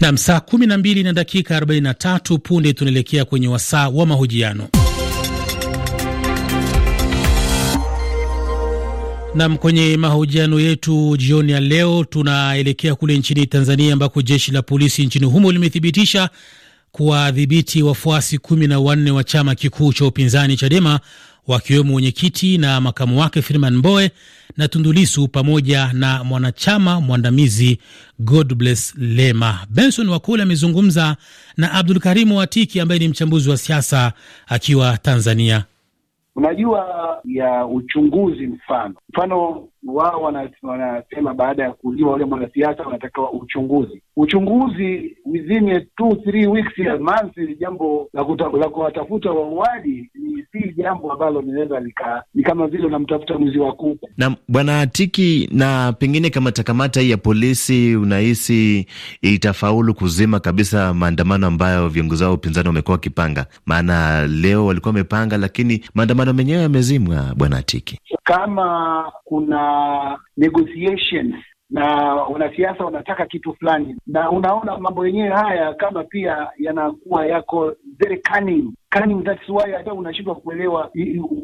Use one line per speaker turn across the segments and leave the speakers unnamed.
Nam, saa 12 na dakika 43 punde tunaelekea kwenye wasaa wa mahojiano. Nam, kwenye mahojiano yetu jioni ya leo tunaelekea kule nchini Tanzania ambako jeshi la polisi nchini humo limethibitisha kuwadhibiti wafuasi kumi na wanne wa chama kikuu cha upinzani Chadema wakiwemo mwenyekiti na makamu wake Freeman Mbowe na Tundulisu pamoja na mwanachama mwandamizi Godbless Lema. Benson Wakule amezungumza na Abdul Karimu Watiki ambaye ni mchambuzi wa siasa akiwa Tanzania.
Unajua ya uchunguzi, mfano mfano wao wanasema baada ya kuuliwa wale mwanasiasa wanatakiwa uchunguzi. Uchunguzi within a two three weeks ya months, jambo la kuwatafuta wauaji ni si jambo ambalo linaweza ni kama vile unamtafuta mwizi wa kuku.
Na bwana Tiki, na pengine kamata kamata hii ya polisi, unahisi itafaulu kuzima kabisa maandamano ambayo viongozi wao upinzani wamekuwa wakipanga? Maana leo walikuwa wamepanga, lakini maandamano menyewe yamezimwa, bwana Tiki,
kama kuna negotiations na wanasiasa wanataka kitu fulani, na unaona mambo yenyewe haya kama pia yanakuwa yako very cunning kani, that's why hata unashindwa kuelewa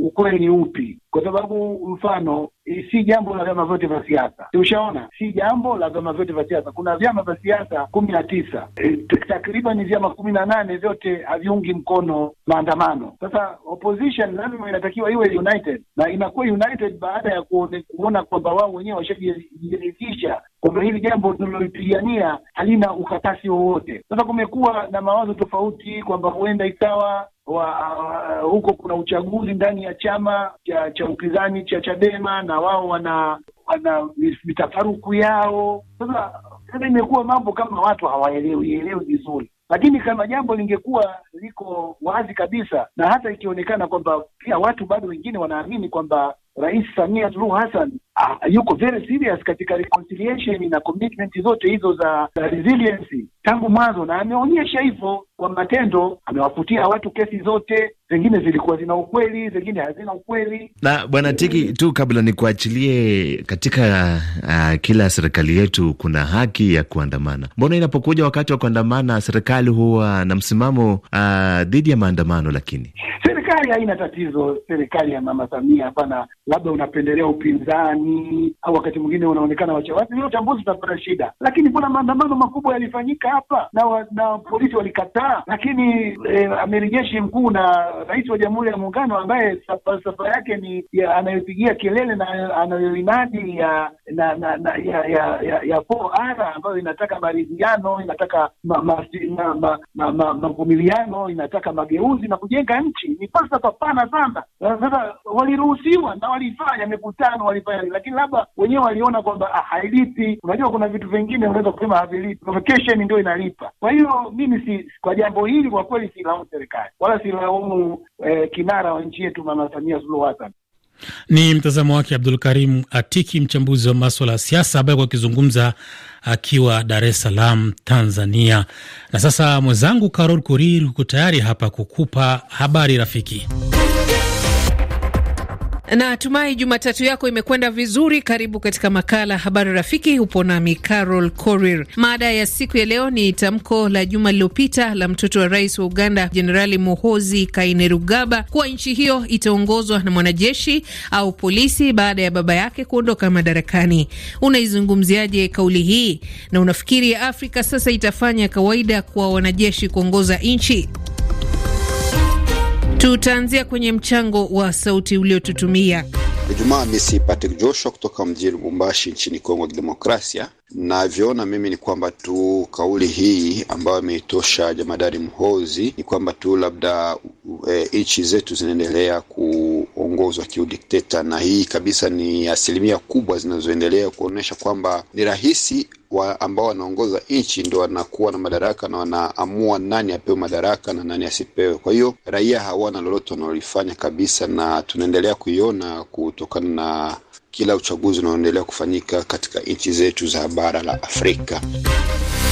ukweli ni upi, kwa sababu mfano si jambo la vyama vyote vya siasa. ushaona si jambo la vyama vyote vya siasa. Kuna vyama vya siasa kumi na tisa e, takriban vyama kumi na nane vyote haviungi mkono maandamano. Sasa opposition lazima inatakiwa iwe united na inakuwa united baada ya kuone, kuona kwamba wao wenyewe washajiridhisha kwamba hili jambo tunalolipigania halina ukakasi wowote. Sasa kumekuwa na mawazo tofauti kwamba huenda ikawa wa uh, huko kuna uchaguzi ndani ya chama cha, cha upinzani cha Chadema na wao wana wana mitafaruku yao. Sasa sasa imekuwa mambo kama watu hawaelewi elewi vizuri, lakini kama jambo lingekuwa liko wazi kabisa na hata ikionekana kwamba pia watu bado wengine wanaamini kwamba Rais Samia Suluhu Hassan ah, yuko very serious katika reconciliation na commitment zote hizo za, za resiliency tangu mwanzo, na ameonyesha hivyo kwa matendo. Amewafutia watu kesi zote, zingine zilikuwa zina ukweli, zingine hazina ukweli.
Na bwana Tiki, eh,
tu kabla nikuachilie, katika uh, kila serikali yetu kuna haki ya kuandamana. Mbona inapokuja wakati wa kuandamana serikali huwa na msimamo uh, dhidi ya maandamano? Lakini
serikali haina tatizo, serikali ya mama Samia hapana labda unapendelea upinzani au wakati mwingine unaonekana wachawazi, hiyo uchambuzi utapata shida. Lakini mbona maandamano makubwa yalifanyika hapa na, wa, na polisi walikataa, lakini eh, amiri jeshi mkuu na rais wa Jamhuri ya Muungano ambaye falsafa yake ni ya, anayopigia kelele na anayoinadi ya na, na, na, ya ya ya, ya r ambayo inataka maridhiano, inataka mavumiliano ma, ma, ma, ma, inataka mageuzi na kujenga nchi, ni falsafa pana sana. Sasa waliruhusiwa na walifanya mikutano, walifanya lakini labda wenyewe waliona kwamba ah, hailipi. Unajua kuna vitu vingine unaweza kusema havilipi, vacation ndio inalipa. Kwa hiyo mimi si kwa jambo hili kwa kweli silaumu serikali wala silaumu eh, kinara wa nchi yetu Mama Samia Suluhu Hassan.
Ni mtazamo wake Abdul Karim Atiki, mchambuzi wa maswala ya siasa, ambaye kwa akizungumza akiwa Dar es Salaam, Tanzania. Na sasa mwenzangu Karol Kurir uko tayari hapa kukupa habari rafiki
na Natumai Jumatatu yako imekwenda vizuri. Karibu katika makala Habari Rafiki, upo nami Carol Korir. Mada ya siku ya leo ni tamko la juma lililopita la mtoto wa rais wa Uganda Jenerali Muhozi Kainerugaba kuwa nchi hiyo itaongozwa na mwanajeshi au polisi baada ya baba yake kuondoka madarakani. Unaizungumziaje kauli hii na unafikiri Afrika sasa itafanya kawaida kwa wanajeshi kuongoza nchi? Tutaanzia kwenye mchango wa sauti uliotutumia. Ijumaa
Misi Patrick Joshua kutoka mjini Lubumbashi nchini Kongo ya Kidemokrasia. Navyoona mimi ni kwamba tu kauli hii ambayo ameitosha Jamadari Mhozi ni kwamba tu labda eh, nchi zetu zinaendelea kuongozwa kiudikteta, na hii kabisa ni asilimia kubwa zinazoendelea kuonyesha kwamba ni rahisi wa ambao wanaongoza nchi ndo wanakuwa na madaraka na wanaamua nani apewe madaraka na nani asipewe. Kwa hiyo raia hawana lolote wanaolifanya kabisa, na tunaendelea kuiona kutokana na kila uchaguzi unaoendelea kufanyika katika nchi zetu za bara la Afrika.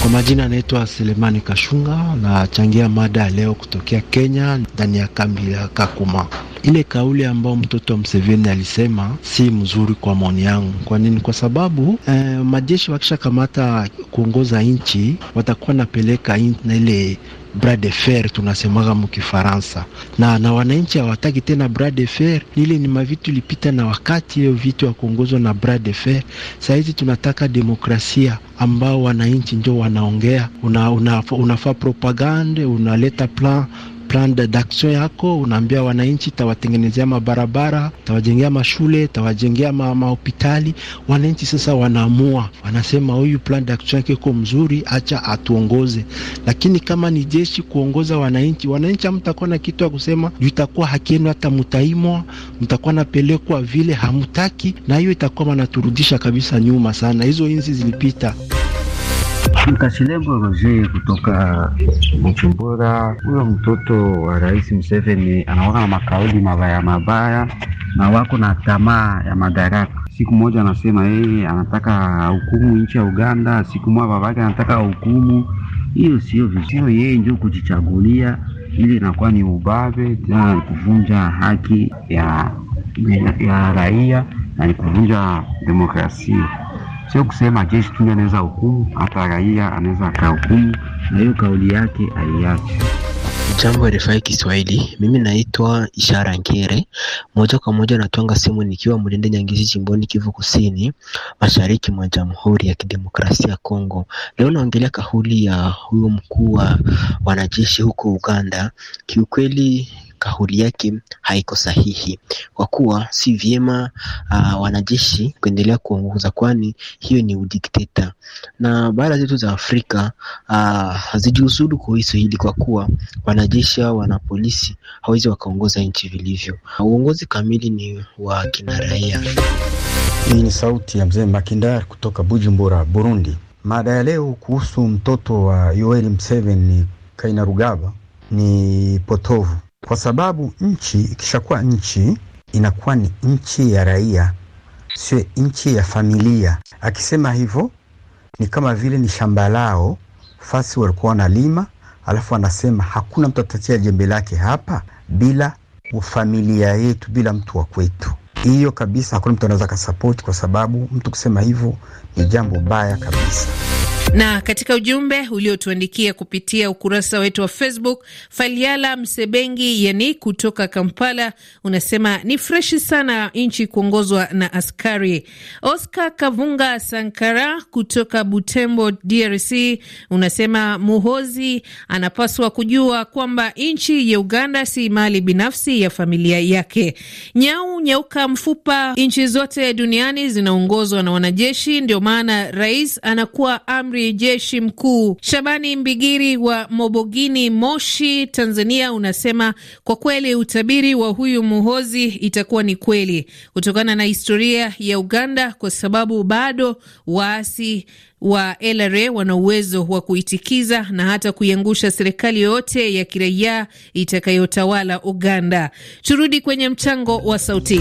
Kwa majina anaitwa Selemani Kashunga, nachangia mada ya leo kutokea Kenya, ndani ya kambi ya Kakuma. Ile kauli ambayo mtoto wa Mseveni alisema si mzuri kwa maoni yangu. Kwa nini? Kwa sababu eh, majeshi wakishakamata kuongoza nchi watakuwa napeleka na ile bras de fer tunasemaga mukifaransa, na na wananchi hawataki tena bras de fer. Ile ni mavitu lipita na wakati, hiyo vitu ya kuongozwa na bras de fer. Sahizi tunataka demokrasia ambao wananchi ndio wanaongea, una, una, propagande, unaleta plan plan d'action yako, unaambia wananchi tawatengenezea mabarabara, tawajengea mashule, tawajengea mahopitali. Wananchi sasa wanaamua, wanasema huyu plan d'action yake iko mzuri, acha atuongoze. Lakini kama ni jeshi kuongoza wananchi, wananchi hamtakuwa na kitu ya kusema juu, itakuwa haki yenu, hata mutaimwa, mtakuwa napelekwa vile hamutaki, na hiyo itakuwa wanaturudisha kabisa nyuma sana, hizo inzi zilipita. Mkashilembo Roje kutoka Bujumbura. Huyo mtoto wa Rais Museveni anaona makauli mabaya mabaya na wako na tamaa ya madaraka. Siku moja anasema yeye anataka hukumu nchi ya Uganda, siku moja babake anataka hukumu. Hiyo sio vizio, yeye ndio kujichagulia ili inakuwa ni ubabe tena ni kuvunja haki ya, ya raia na ni kuvunja demokrasia. Sio kusema jeshi tu anaweza hukumu, hata raia anaweza akahukumu, na hiyo kauli yake aliacha. Jambo RFI Kiswahili, mimi naitwa Ishara ngere moja kwa moja natwanga simu nikiwa Mlende nyangizi jimboni Kivu Kusini, mashariki mwa Jamhuri ya Kidemokrasia ya Kongo. Leo naongelea kauli ya huyo mkuu wa wanajeshi huko Uganda. Kiukweli kauli yake haiko sahihi kwa kuwa si vyema uh, wanajeshi kuendelea kuongoza, kwani hiyo ni udikteta, na bara zetu za Afrika uh, kuhusu hili, kwa kuwa wanajeshi au wanapolisi hawezi wakaongoza nchi vilivyo. Uongozi kamili ni wa kina raia. Hii ni sauti ya mzee Makindar kutoka Bujumbura, Burundi. Mada ya leo
kuhusu mtoto wa Yoweri Museveni kainarugaba ni
potovu kwa sababu nchi ikishakuwa nchi inakuwa ni nchi ya raia, sio nchi ya familia. Akisema hivyo ni kama vile ni shamba lao fasi walikuwa wanalima, alafu anasema hakuna mtu atatia jembe lake hapa bila familia yetu, bila mtu wa kwetu. Hiyo kabisa
hakuna mtu anaweza kasapoti, kwa sababu mtu kusema hivyo ni jambo baya kabisa.
Na katika ujumbe uliotuandikia kupitia ukurasa wetu wa Facebook, Faliala Msebengi Yani kutoka Kampala unasema ni freshi sana nchi kuongozwa na askari. Oscar Kavunga Sankara kutoka Butembo, DRC unasema Muhozi anapaswa kujua kwamba nchi ya Uganda si mali binafsi ya familia yake. Nyau Nyauka Mfupa, nchi zote duniani zinaongozwa na wanajeshi, ndio maana rais anakuwa amri amri jeshi mkuu. Shabani Mbigiri wa Mobogini, Moshi, Tanzania, unasema kwa kweli utabiri wa huyu Muhozi itakuwa ni kweli kutokana na historia ya Uganda, kwa sababu bado waasi wa LRA wana uwezo wa kuitikiza na hata kuiangusha serikali yoyote ya kiraia itakayotawala Uganda. Turudi kwenye mchango wa sauti.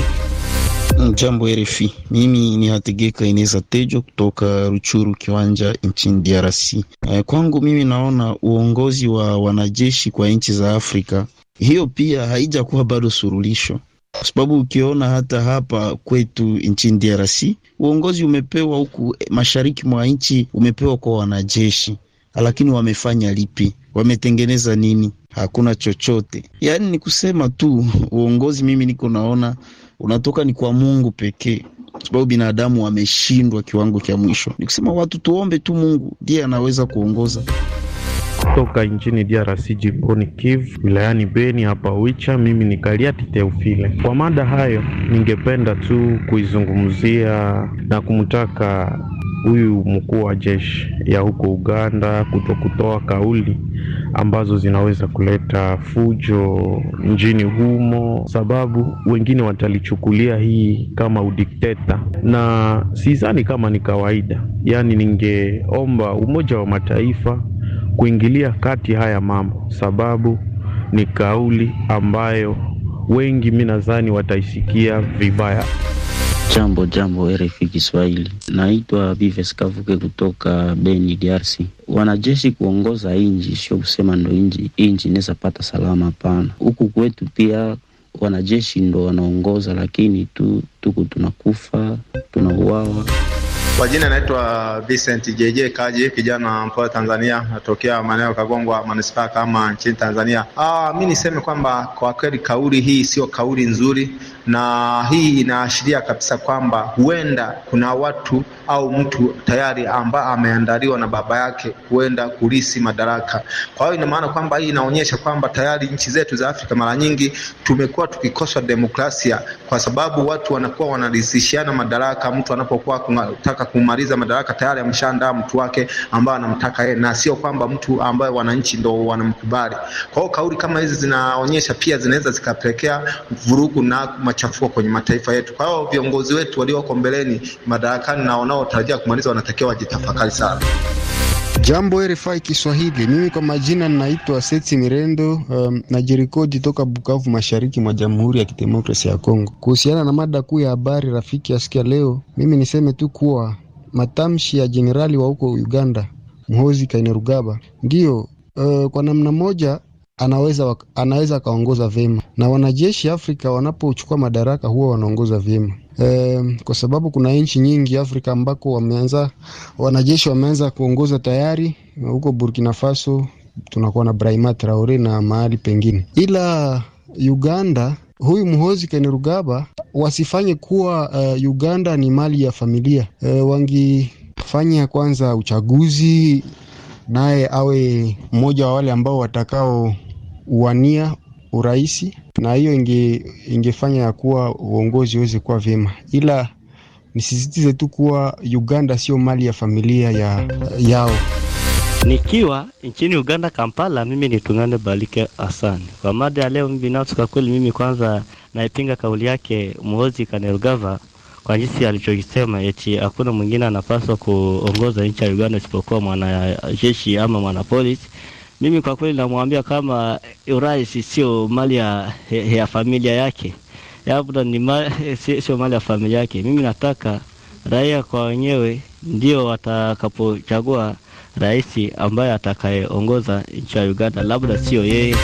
Jambo RFI, mimi ni Hategeka Ineza Tejo kutoka Ruchuru Kiwanja nchini DRC. Eh, kwangu mimi naona uongozi wa wanajeshi kwa nchi za Afrika hiyo pia haijakuwa bado surulisho, kwa sababu ukiona hata hapa kwetu nchini DRC uongozi umepewa huku eh, mashariki mwa nchi umepewa kwa wanajeshi, lakini wamefanya lipi? Wametengeneza nini? hakuna chochote. Yaani ni kusema tu uongozi, mimi niko naona unatoka ni kwa Mungu pekee kwa sababu binadamu wameshindwa kiwango cha mwisho. Ni kusema watu tuombe tu, Mungu ndiye
anaweza kuongoza. Toka nchini DRC jimboni Kiv wilayani Beni hapa wicha mimi ni Kaliati Teofile. Kwa mada hayo, ningependa tu kuizungumzia na kumtaka huyu mkuu wa jeshi ya huko Uganda kuto kutoa kauli ambazo zinaweza kuleta fujo nchini humo, sababu wengine watalichukulia hii kama udikteta, na sidhani kama ni kawaida. Yaani, ningeomba Umoja wa Mataifa kuingilia kati haya mambo, sababu ni kauli ambayo wengi mi nadhani wataisikia vibaya.
Jambo jambo, RFI Kiswahili, naitwa Vives Kavuke kutoka Beni, DRC. Wanajeshi kuongoza inji sio kusema ndo inji inji inaweza pata salama, hapana. Huku kwetu pia wanajeshi ndo wanaongoza, lakini tu tuku tunakufa tunauawa.
Kwa jina naitwa Vincent JJ Kaji, kijana mpoa Tanzania, natokea maeneo Kagongwa manispaa kama nchini Tanzania. Ah, mi niseme kwamba kwa kweli kauli hii sio kauli nzuri, na hii inaashiria kabisa kwamba huenda kuna watu au mtu tayari ambaye ameandaliwa na baba yake kuenda kulisi madaraka. Kwa hiyo ina maana kwamba hii inaonyesha kwamba tayari nchi zetu za Afrika mara nyingi tumekuwa tukikosa demokrasia, kwa sababu watu wanakuwa wanarisishiana madaraka, mtu anapokuwa kunataka kumaliza madaraka tayari ameshaandaa mtu wake ambaye anamtaka yeye, na sio kwamba mtu ambaye wananchi ndo wanamkubali. Kwa hiyo kauli kama hizi zinaonyesha pia zinaweza zikapelekea vurugu na machafuko kwenye mataifa yetu. Kwa hiyo viongozi wetu walioko mbeleni madarakani na wanaotarajia kumaliza wanatakiwa wajitafakari sana. Jambo RFI Kiswahili, mimi kwa majina ninaitwa Seti Mirendo. Um, najirikodi toka Bukavu, mashariki mwa Jamhuri ya Kidemokrasia ya Kongo. Kuhusiana na mada kuu ya habari rafiki ya siku ya leo, mimi niseme tu kuwa matamshi ya jenerali wa huko Uganda mhozi Kainerugaba ndiyo, uh, kwa namna moja anaweza anaweza akaongoza vyema, na wanajeshi Afrika wanapochukua madaraka huwa wanaongoza vyema e, kwa sababu kuna nchi nyingi Afrika ambako wameanza wanajeshi wameanza kuongoza tayari. Huko Burkina Faso tunakuwa na Brahima Traore na mahali pengine, ila Uganda huyu Muhozi Kainerugaba wasifanye kuwa uh, Uganda ni mali ya familia e, wangifanya kwanza uchaguzi naye awe mmoja wa wale ambao watakao kuwania urais, na hiyo inge, ingefanya ya kuwa uongozi uweze kuwa vyema, ila nisisitize tu kuwa Uganda sio mali ya familia ya, yao.
Nikiwa nchini Uganda, Kampala, mimi ni Tungane Balike Hasani. Kwa mada ya leo, mimi binafsi kwa kweli, mimi kwanza naipinga kauli yake Muhoozi Kainerugaba kwa jinsi alichokisema eti hakuna mwingine anapaswa kuongoza nchi ya Uganda isipokuwa mwanajeshi ama mwanapolisi. Mimi kwa kweli namwambia kama urais sio mali ya, ya, familia yake, labda ni ma, sio mali ya familia yake. Mimi nataka raia kwa wenyewe ndio watakapochagua rais ambaye atakayeongoza nchi ya Uganda, labda sio yeye.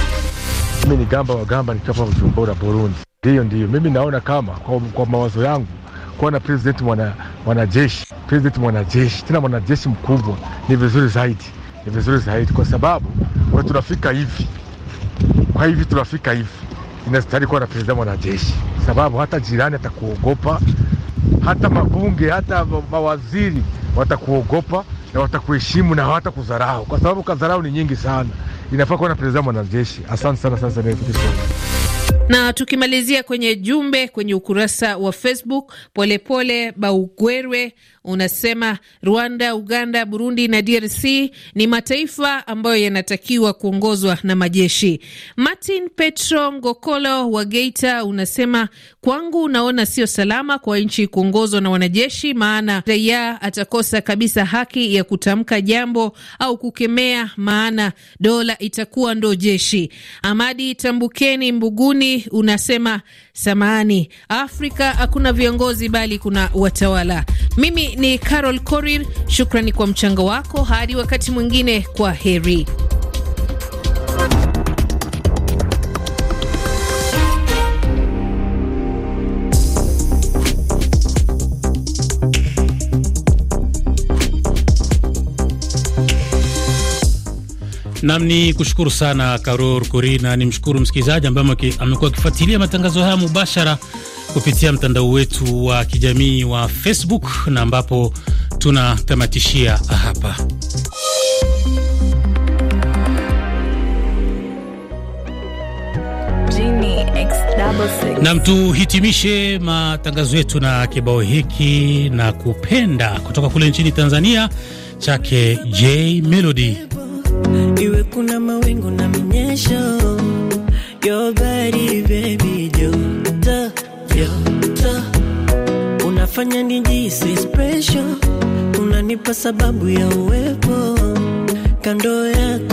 Mimi ni gamba wa gamba nikichapa Bujumbura, Burundi. Ndiyo, ndiyo, mimi naona kama kwa, kwa mawazo yangu kuwa na president mwanajeshi mwana president mwanajeshi tena mwanajeshi mkubwa ni vizuri zaidi ni vizuri zaidi, kwa sababu kwa tunafika hivi kwa hivi tunafika hivi, inastahili kuwa na president mwanajeshi, sababu hata jirani atakuogopa, hata mabunge, hata mawaziri watakuogopa na watakuheshimu na hawatakudharau, kwa sababu kadharau ni nyingi sana. Inafaa kuwa na president mwanajeshi. Asante sana. sana.
Na tukimalizia kwenye jumbe kwenye ukurasa wa Facebook, Polepole Baugwerwe unasema Rwanda, Uganda, Burundi na DRC ni mataifa ambayo yanatakiwa kuongozwa na majeshi. Martin Petro Ngokolo wa Geita unasema Kwangu naona sio salama kwa nchi kuongozwa na wanajeshi, maana raia atakosa kabisa haki ya kutamka jambo au kukemea, maana dola itakuwa ndo jeshi. Amadi Tambukeni Mbuguni unasema samani Afrika hakuna viongozi bali kuna watawala. Mimi ni Carol Korir, shukrani kwa mchango wako. Hadi wakati mwingine, kwa heri.
Nam ni kushukuru sana Karor kuri na ni mshukuru msikilizaji ambaye amekuwa akifuatilia matangazo haya mubashara kupitia mtandao wetu wa kijamii wa Facebook na ambapo tunatamatishia hapa. Nam, tuhitimishe matangazo yetu na kibao hiki na kupenda kutoka kule nchini Tanzania chake J Melody
iwe kuna mawingu na minyesho, your body baby, joto joto, unafanya nijisi special, unanipa sababu ya uwepo kando yako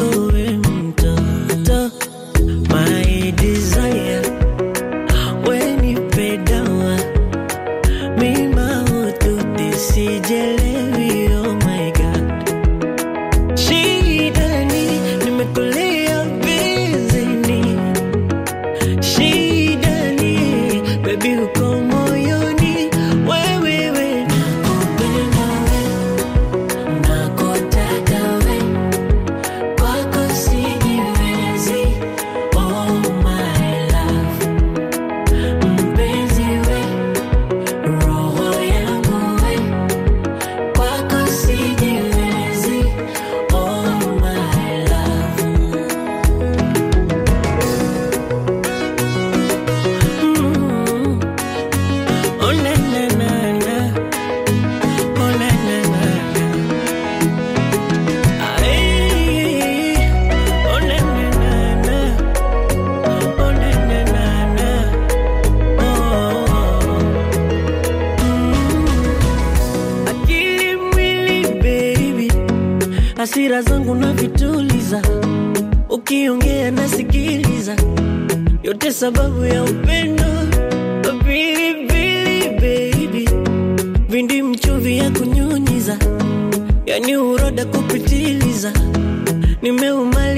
ukiongea nasikiliza, yote sababu ya upendo pilipili baby, vindi mchuvi ya kunyunyiza, yani uroda kupitiliza, nimeuma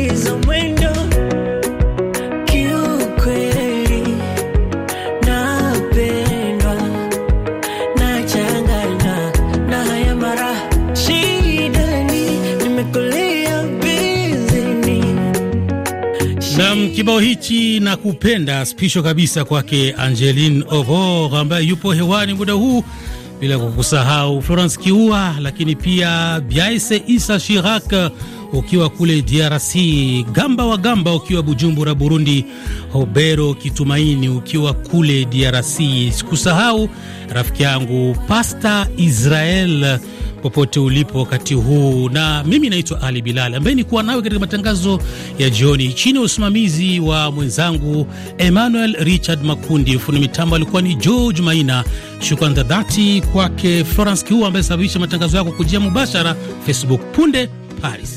kibao hichi na kupenda spisho kabisa kwake Angeline Ovor ambaye yupo hewani muda huu, bila kukusahau Florence Kiua, lakini pia Biaise Isa Shirak ukiwa kule DRC, Gamba wa Gamba ukiwa Bujumbura Burundi, Hobero Kitumaini ukiwa kule DRC, sikusahau rafiki yangu Pasta Israel popote ulipo wakati huu, na mimi naitwa Ali Bilal ambaye nikuwa nawe katika matangazo ya jioni chini ya usimamizi wa mwenzangu Emmanuel Richard Makundi. Mfundi mitambo alikuwa ni George Maina. Shukrani za dhati kwake Florence kiu ambaye sababisha matangazo yako kujia mubashara Facebook punde Paris.